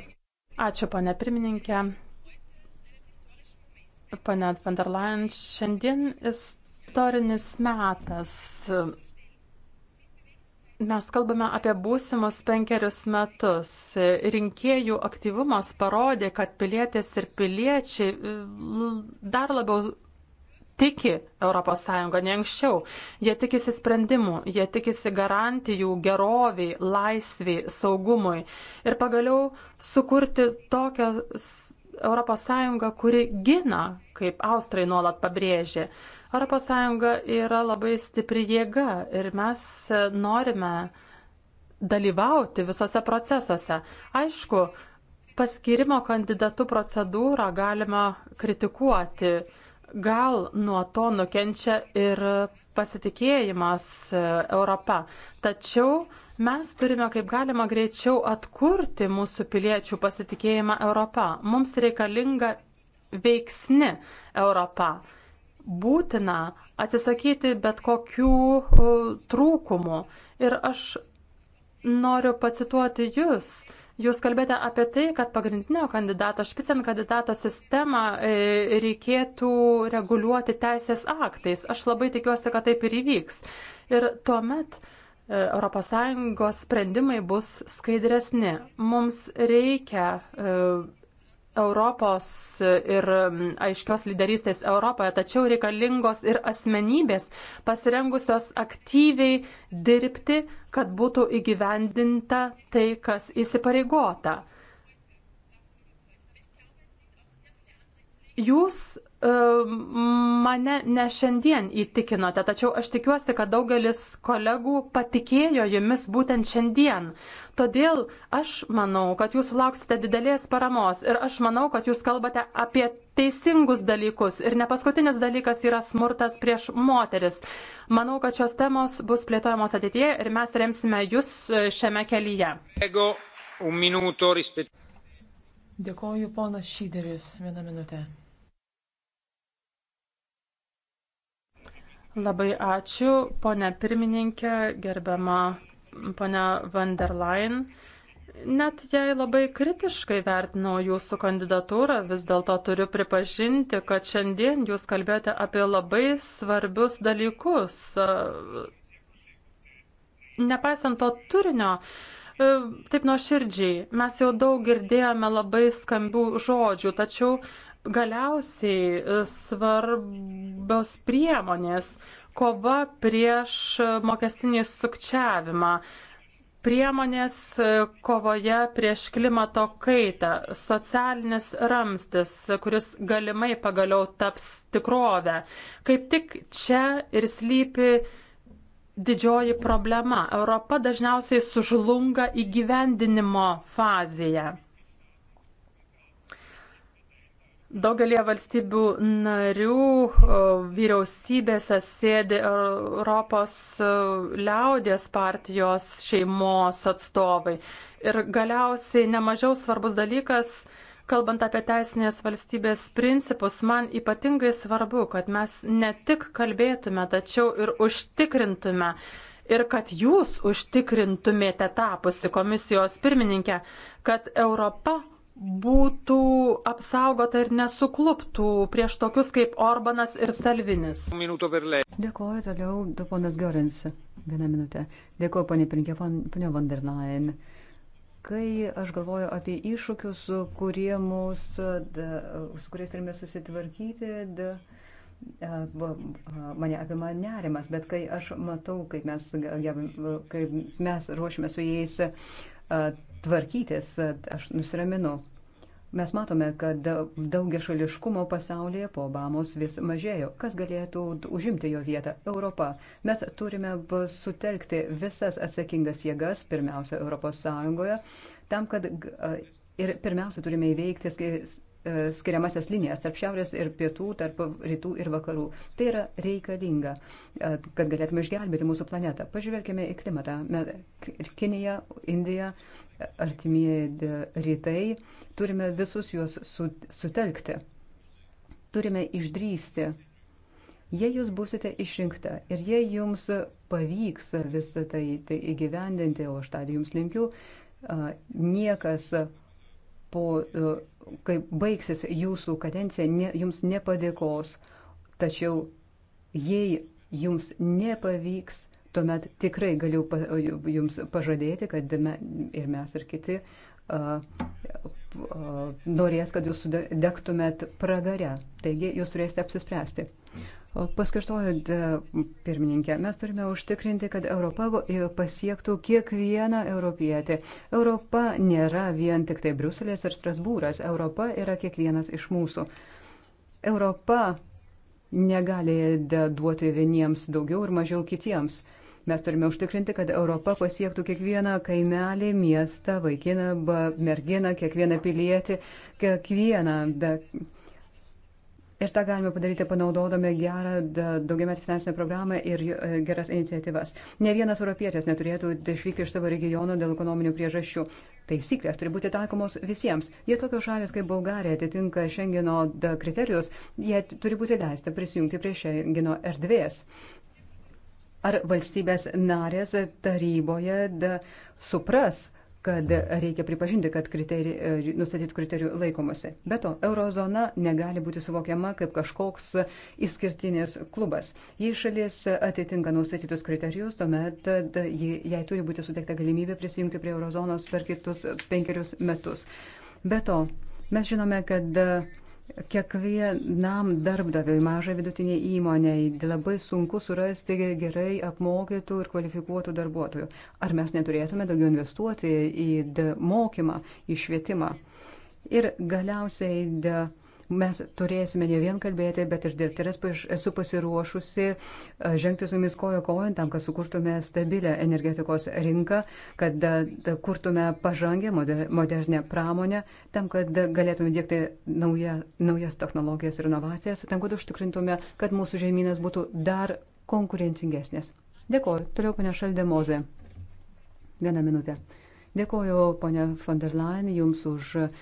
Ačiū, pane pirmininkė. Pane van der Leyen, šiandien istorinis metas Mes kalbame apie būsimus penkerius metus. Rinkėjų aktyvumas parodė, kad pilietės ir piliečiai e, dar labiau tiki ES nei anksčiau. Jie tikisi sprendimų, jie tikisi garantijų geroviai, laisviai, saugumui. Ir pagaliau sukurti tokią ES, kuri gina, kaip Austrai nuolat pabrėžė, ES yra labai stipri jėga ir mes norime dalyvauti visose procesuose. Aišku, paskirimo kandidatų procedūrą galima kritikuoti. Gal nuo to nukenčia ir pasitikėjimas Europa. Tačiau mes turime kaip galima greičiau atkurti mūsų piliečių pasitikėjimą Europą. Mums reikalinga veiksni Europa būtina atsisakyti bet kokių trūkumų. Ir aš noriu pacituoti jūs. Jūs kalbėte apie tai, kad pagrindinio kandidato, špicen kandidato sistemą e, reikėtų reguliuoti teisės aktais. Aš labai tikiuosi, kad taip ir įvyks. Ir tuomet ES sprendimai bus skaidresni. Mums reikia e, Europos ir aiškios lyderystės Europoje, tačiau reikalingos ir asmenybės pasirengusios aktyviai dirbti, kad būtų įgyvendinta tai, kas įsipareigota. Jūs e, mane ne šiandien įtikinote, tačiau aš tikiuosi, kad daugelis kolegų patikėjo jumis būtent šiandien. Todėl aš manau, kad jūs lauksite didelės paramos ir aš manau, kad jūs kalbate apie teisingus dalykus. Ir ne paskutinis dalykas yra smurtas prieš moteris. Manau, kad šios temos bus plėtojamos ateityje ir mes remsime jūs šiame kelyje. Ego, minuto, rispet... Dėkoju, ponas Šyderis. Vieną minutę. Labai ačiū, ponė pirmininkė, gerbiama ponia van der Leyen. Net jei labai kritiškai vertinau jūsų kandidatūrą, vis dėlto turiu pripažinti, kad šiandien jūs kalbėjote apie labai svarbius dalykus. E, nepaisant to turinio, e, taip nuoširdžiai, mes jau daug girdėjome labai skambių žodžių, tačiau galiausiai e, svarbios priemonės kova prieš mokestinį sukčiavimą, priemonės kovoje prieš klimato kaitą, socialinis ramstis, kuris galimai pagaliau taps tikrovę. Kaip tik čia ir slypi didžioji problema. Europa dažniausiai sužlunga įgyvendinimo fazėje. Daugelie valstybių narių vyriausybėse sėdi Europos liaudės partijos šeimos atstovai. Ir galiausiai nemažiau svarbus dalykas, kalbant apie teisinės valstybės principus, man ypatingai svarbu, kad mes ne tik kalbėtume, tačiau ir užtikrintume. Ir kad jūs užtikrintumėte tapusi komisijos pirmininkę, kad Europa būtų apsaugota ir nesukluptų prieš tokius kaip Orbanas ir Salvinis. Dėkuoju toliau, ponas Görins. Vieną minutę. Dėkuoju, ponė Prinkė, ponė van der Leyen. Kai aš galvoju apie iššūkius, kurie mūs, da, su kuriais turime susitvarkyti, da, mane apima nerimas, bet kai aš matau, kaip mes, kaip mes ruošiame su jais tvarkytis, aš nusiraminu. Mes matome, kad daugia šališkumo pasaulyje po Obamos vis mažėjo. Kas galėtų užimti jo vietą? Europa. Mes turime sutelkti visas atsakingas jėgas, pirmiausia, ES, tam, kad ir pirmiausia turime įveikti e, skiriamasias linijas tarp šiaurės ir pietų, tarp rytų ir vakarų. Tai yra reikalinga, kad galėtume išgelbėti mūsų planetą. Pažvelkime į klimatą. Kinija, Indija artimieji rytai, turime visus juos sutelkti. Turime išdrysti. Jei jūs busite išrinkta ir jei jums pavyks visą tai, tai įgyvendinti, o aš tą jums linkiu, niekas po, kai baigsis jūsų kadencija, ne, jums nepadėkos. Tačiau jei jums nepavyks tuomet tikrai galiu jums pažadėti, kad ir mes, ir kiti norės, kad jūs degtumėt pragare. Taigi jūs turėsite apsispręsti. Paskirtojant pirmininkę, mes turime užtikrinti, kad Europa pasiektų kiekvieną europietį. Europa nėra vien tik tai Bruselės ir Strasbūras. Europa yra kiekvienas iš mūsų. Europa negali duoti vieniems daugiau ir mažiau kitiems. Mes turime užtikrinti, kad Europa pasiektų kiekvieną kaimelį, miestą, vaikiną, merginą, kiekvieną pilietį, kiekvieną. Da, ir tą galime padaryti panaudodami gerą daugiametį finansinę programą ir e, geras iniciatyvas. Ne vienas europietis neturėtų išvykti iš savo regiono dėl ekonominių priežasčių. Taisyklės turi būti taikomos visiems. Jei tokios šalis kaip Bulgarija atitinka Šengeno kriterijus, jie turi būti leista prisijungti prie Šengeno erdvės. Ar valstybės narės taryboje da, supras, kad reikia pripažinti, kad kriterij, e, nustatyti kriterijų laikomasi. Be to, eurozona negali būti suvokiama kaip kažkoks išskirtinis klubas. Jei šalis atitinka nustatytus kriterijus, tuomet e, jai turi būti suteikta galimybė prisijungti prie eurozonos per kitus penkerius metus. Be to, mes žinome, kad e, Kiekvienam darbdaviui, mažai vidutiniai įmoniai, labai sunku surasti gerai apmokytų ir kvalifikuotų darbuotojų. Ar mes neturėtume daugiau investuoti į mokymą, į švietimą? Ir galiausiai mes turėsime ne vien kalbėti, bet ir dirbti. Ir esu pasiruošusi žengti su jumis kojo kojant tam, kad sukurtume stabilę energetikos rinką, kad kurtume pažangę modernę pramonę, tam, kad galėtume dėkti nauja, naujas technologijas ir inovacijas, tam, kad užtikrintume, kad mūsų žemynas būtų dar konkurencingesnės. Dėkoju. Toliau ponia Šaldemozė. Vieną minutę. Dėkoju ponia von der Leyen jums už uh,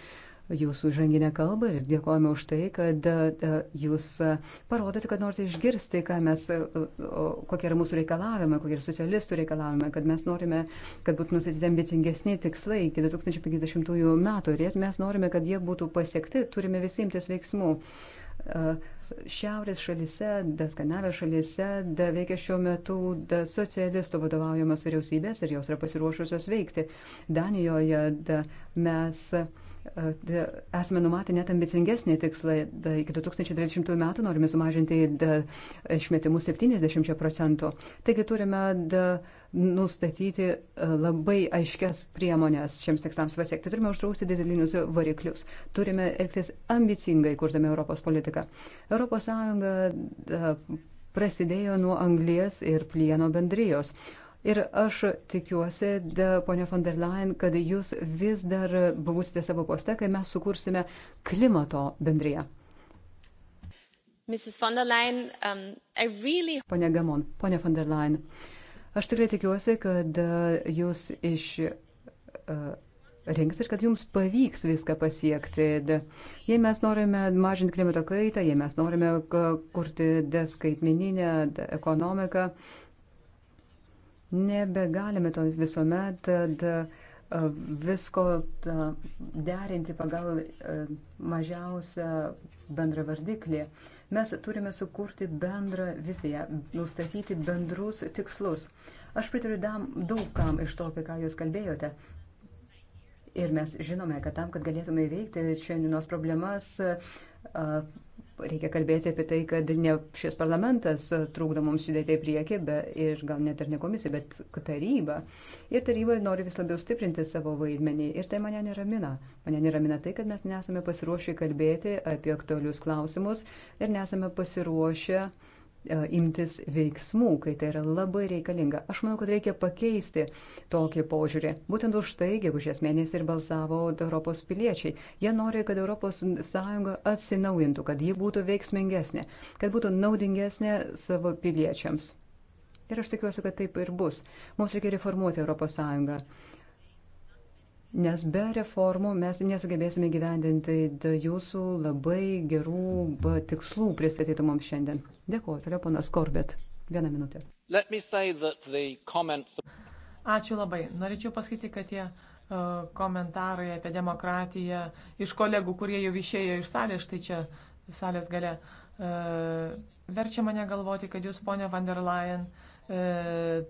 jūsų žanginę kalbą ir dėkojame už tai, kad e, jūs parodote, kad norite išgirsti, mes, e, kokie yra mūsų reikalavimai, kokie yra socialistų reikalavimai, kad mes norime, kad būtų nustatyti ambicingesni tikslai iki 2050 metų ir mes norime, kad jie būtų pasiekti, turime visi imtis veiksmų e, šiaurės šalise, Skandinavijos šalise da veikia šiuo metu da socialistų vadovaujamas vyriausybės ir jos yra pasiruošusios veikti. Danijoje da mes. Uh, Esame numatę net ambicingesnį tikslą. Iki 2030 metų norime sumažinti išmetimus 70 procentų. Taigi turime nustatyti labai aiškias priemonės šiems tikslams pasiekti. Turime uždrausti dizelinius variklius. Turime elgtis ambicingai, kurdami Europos politiką. Europos Sąjunga prasidėjo nuo anglies ir plieno bendrijos. Ir aš tikiuosi, ponia von der Leyen, kad jūs vis dar būsite savo poste, kai mes sukursime klimato bendriją. Leyen, um, really... Pone Gamon, ponia von der Leyen, aš tikrai tikiuosi, kad uh, jūs iš. Uh, rinks ir kad jums pavyks viską pasiekti. Jei mes norime mažinti klimato kaitą, jei mes norime kurti skaitmeninę ekonomiką, Nebegalime to visuomet visko derinti pagal mažiausią bendrą vardiklį. Mes turime sukurti bendrą viziją, nustatyti bendrus tikslus. Aš pritariu daug kam iš to, apie ką jūs kalbėjote. Ir mes žinome, kad tam, kad galėtume įveikti šiandienos problemas, Reikia kalbėti apie tai, kad ne šis parlamentas trūkdo mums judėti į priekį, be, ir gal net ir ne komisija, bet taryba. Ir taryba nori vis labiau stiprinti savo vaidmenį. Ir tai mane neramina. Mane neramina tai, kad mes nesame pasiruošę kalbėti apie aktualius klausimus ir nesame pasiruošę uh, E, imtis veiksmų, kai tai yra labai reikalinga. Aš manau, kad reikia pakeisti tokį požiūrį. Būtent už tai, jeigu šias mėnesį ir balsavo Europos piliečiai. Jie nori, kad ES atsinaujintų, kad ji būtų veiksmingesnė, kad būtų naudingesnė savo piliečiams. Ir aš tikiuosi, kad taip ir bus. Mums reikia reformuoti ES nes be reformų mes nesugebėsime gyvendinti jūsų labai gerų tikslų pristatytų mums šiandien. Dėkuoju, toliau ponas Korbet. Vieną minutę. Comments... Ačiū labai. Norėčiau pasakyti, kad tie uh, komentarai apie demokratiją iš kolegų, kurie jau išėjo iš salės, štai čia salės gale, uh, verčia mane galvoti, kad jūs, ponė van der Leyen, uh,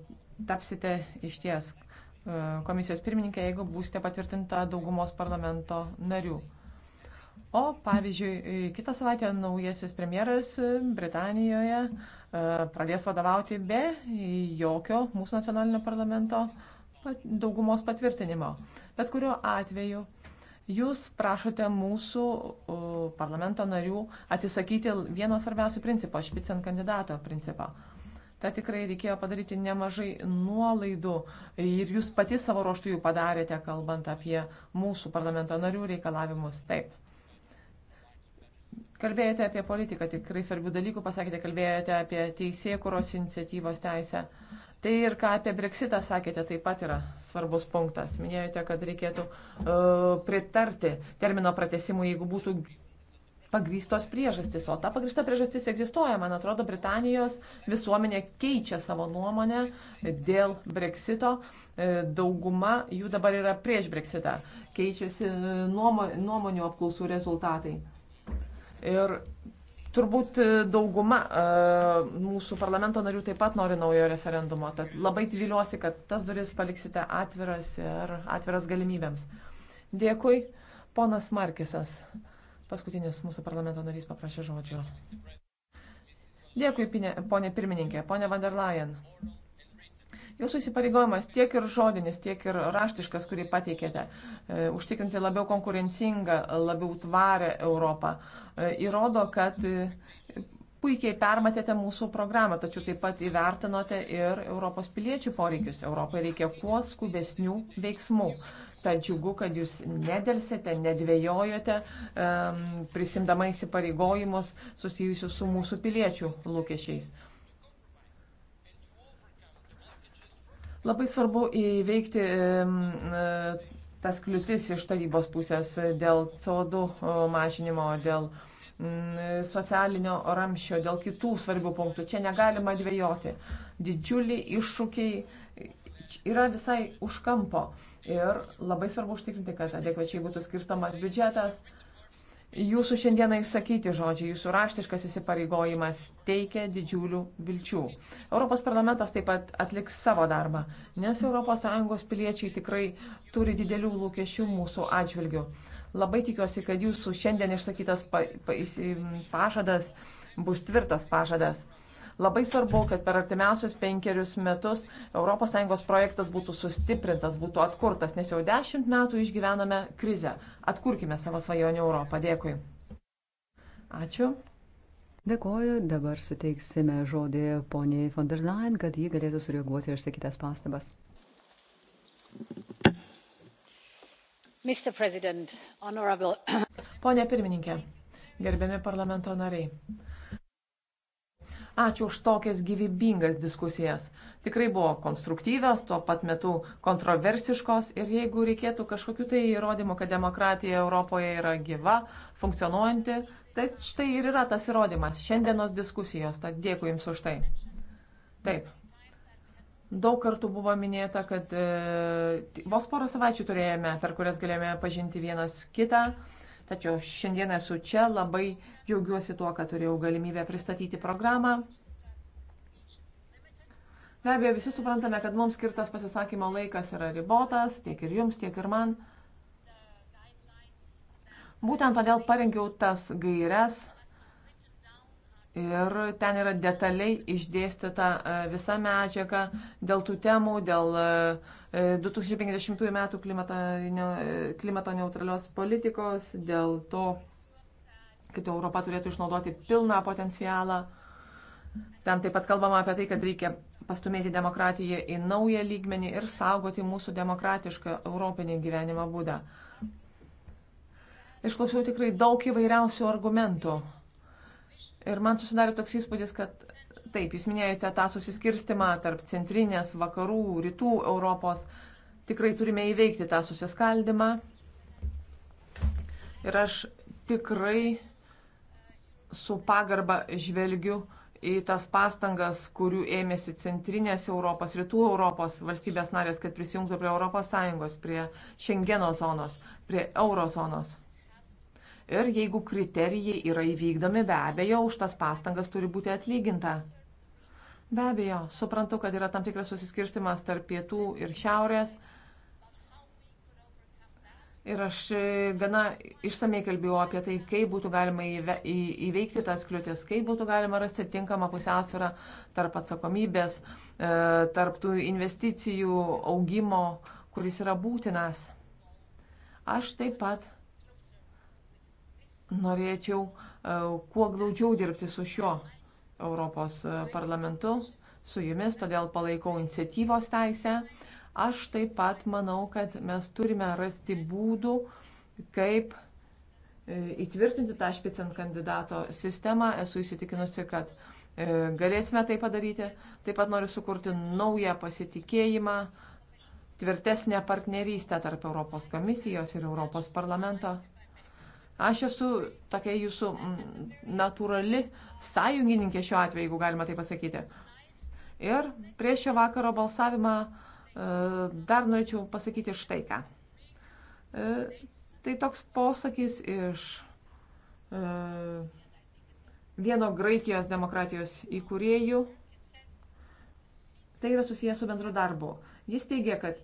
tapsite iš ties komisijos pirmininkė, jeigu būsite patvirtinta daugumos parlamento narių. O pavyzdžiui, kitą savaitę naujasis premjeras Britanijoje e, pradės vadovauti be jokio mūsų nacionalinio parlamento daugumos patvirtinimo. Bet kuriuo atveju jūs prašote mūsų parlamento narių atsisakyti vieno svarbiausių principo - špicen kandidato principą. Ta tikrai reikėjo padaryti nemažai nuolaidų ir jūs pati savo ruoštų jų padarėte, kalbant apie mūsų parlamento narių reikalavimus. Taip. Kalbėjote apie politiką, tikrai svarbių dalykų pasakėte, kalbėjote apie teisėkuros iniciatyvos teisę. Tai ir ką apie breksitą sakėte, taip pat yra svarbus punktas. Minėjote, kad reikėtų uh, pritarti termino pratesimui, jeigu būtų pagrystos priežastys, o ta pagrįsta priežastis egzistuoja. Man atrodo, Britanijos visuomenė keičia savo nuomonę dėl breksito. E, dauguma jų dabar yra prieš breksitą. Keičiasi e, nuomonių apklausų rezultatai. Ir turbūt e, dauguma mūsų parlamento narių taip pat nori naujo referendumo. Tad labai viliuosi, kad tas duris paliksite atviras ir atviras galimybėms. Dėkui, ponas Markisas. Paskutinis mūsų parlamento narys paprašė žodžio. Dėkui, ponė pirmininkė, ponė van der Leyen. Jūsų įsipareigojimas tiek ir žodinis, tiek ir raštiškas, kurį pateikėte, e, užtikrinti labiau konkurencingą, labiau tvarę Europą, e, įrodo, kad e, puikiai permatėte mūsų programą, tačiau taip pat įvertinote ir Europos piliečių poreikius. Europai reikia kuo skubesnių veiksmų. Tad džiugu, kad jūs nedelsėte, nedvėjojote, um, prisimdama įsipareigojimus susijusius su mūsų piliečių lūkesčiais. Labai svarbu įveikti um, tas kliūtis iš tarybos pusės dėl CO2 mažinimo, dėl mm, socialinio ramščio, dėl kitų svarbių punktų. Čia negalima dvėjoti. Didžiuliai iššūkiai yra visai už kampo ir labai svarbu užtikrinti, kad adekvačiai būtų skirstamas biudžetas. Jūsų šiandieną išsakyti žodžiai, jūsų raštiškas įsipareigojimas teikia didžiulių vilčių. Europos parlamentas taip pat atliks savo darbą, nes ES piliečiai tikrai turi didelių lūkesčių mūsų atžvilgių. Labai tikiuosi, kad jūsų šiandien išsakytas pa, pa, pažadas bus tvirtas pažadas. Labai svarbu, kad per artimiausius penkerius metus ES projektas būtų sustiprintas, būtų atkurtas, nes jau dešimt metų išgyvename krizę. Atkurkime savo svajonių Europą. Dėkui. Ačiū. Dėkoju, dabar suteiksime žodį poniai von der Leyen, kad ji galėtų sureaguoti ir sakytas pastabas. Honorable... Pone pirmininkė, gerbiami parlamento nariai. Ačiū už tokias gyvybingas diskusijas. Tikrai buvo konstruktyvios, tuo pat metu kontroversiškos ir jeigu reikėtų kažkokiu tai įrodymu, kad demokratija Europoje yra gyva, funkcionuojanti, tai štai ir yra tas įrodymas šiandienos diskusijos. Tad dėkui Jums už tai. Taip. Daug kartų buvo minėta, kad e, vos porą savaičių turėjome, per kurias galėjome pažinti vienas kitą. E, Tačiau šiandien esu čia, labai džiaugiuosi tuo, kad turėjau galimybę pristatyti programą. Be abejo, visi suprantame, kad mums skirtas pasisakymo laikas yra ribotas, tiek ir jums, tiek ir man. Būtent todėl parengiau tas gairias, Ir ten yra detaliai išdėstyta e, visa medžiaga dėl tų temų, dėl 2050 e, metų klimato, klimato neutralios politikos, dėl to, kad Europa turėtų išnaudoti pilną potencialą. Ten taip pat kalbama apie tai, kad reikia pastumėti demokratiją į naują lygmenį ir saugoti mūsų demokratišką europinį gyvenimo būdą. Išklausiau tikrai daug įvairiausių argumentų. Ir man susidarė toks įspūdis, kad taip, jūs minėjote tą susiskirstimą tarp centrinės, vakarų, rytų Europos. Tikrai turime įveikti tą susiskaldimą. Ir aš tikrai su pagarba žvelgiu į tas pastangas, kurių ėmėsi centrinės Europos, rytų Europos valstybės narės, kad prisijungtų prie ES, prie Schengeno zonos, prie eurozonos. Ir jeigu kriterijai yra įvykdomi, be abejo, už tas pastangas turi būti atlyginta. Be abejo, suprantu, kad yra tam tikras susiskirstimas tarp pietų ir šiaurės. Ir aš e, gana išsamei kalbėjau apie tai, kaip būtų galima įveikti tas kliūtis, kaip būtų galima rasti tinkamą pusiausvyrą tarp atsakomybės, e, tarp tų investicijų augimo, kuris yra būtinas. Aš taip pat norėčiau e, kuo glaudžiau dirbti su šiuo Europos e, parlamentu, su jumis, todėl palaikau iniciatyvos teisę. Aš taip pat manau, kad mes turime rasti būdų, kaip e, įtvirtinti tą špicent kandidato sistemą. Esu įsitikinusi, kad galėsime tai padaryti. Taip pat noriu sukurti naują pasitikėjimą, tvirtesnę partnerystę tarp Europos komisijos ir Europos parlamento. Aš esu tokia jūsų mm, natūrali sąjungininkė šiuo atveju, jeigu galima tai pasakyti. Ir prieš šio vakaro balsavimą e, dar norėčiau pasakyti štai ką. E, tai toks posakis iš e, vieno Graikijos demokratijos įkūrėjų. Tai yra susijęs su bendru darbu. Jis teigia, kad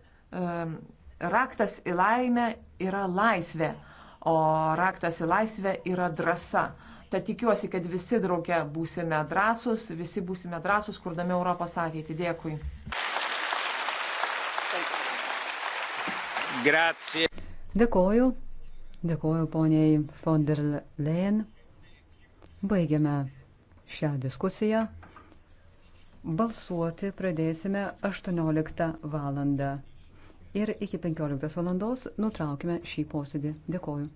raktas į laimę yra laisvė o raktas į laisvę yra drąsa. Tad tikiuosi, kad visi drauge būsime drąsus, visi būsime drąsus, kurdami Europos ateitį. Dėkui. Grazie. Dėkoju. Dėkoju poniai von der Leyen. Baigiame šią diskusiją. Balsuoti pradėsime 18 valandą ir iki 15 valandos nutraukime šį posėdį. Dėkoju.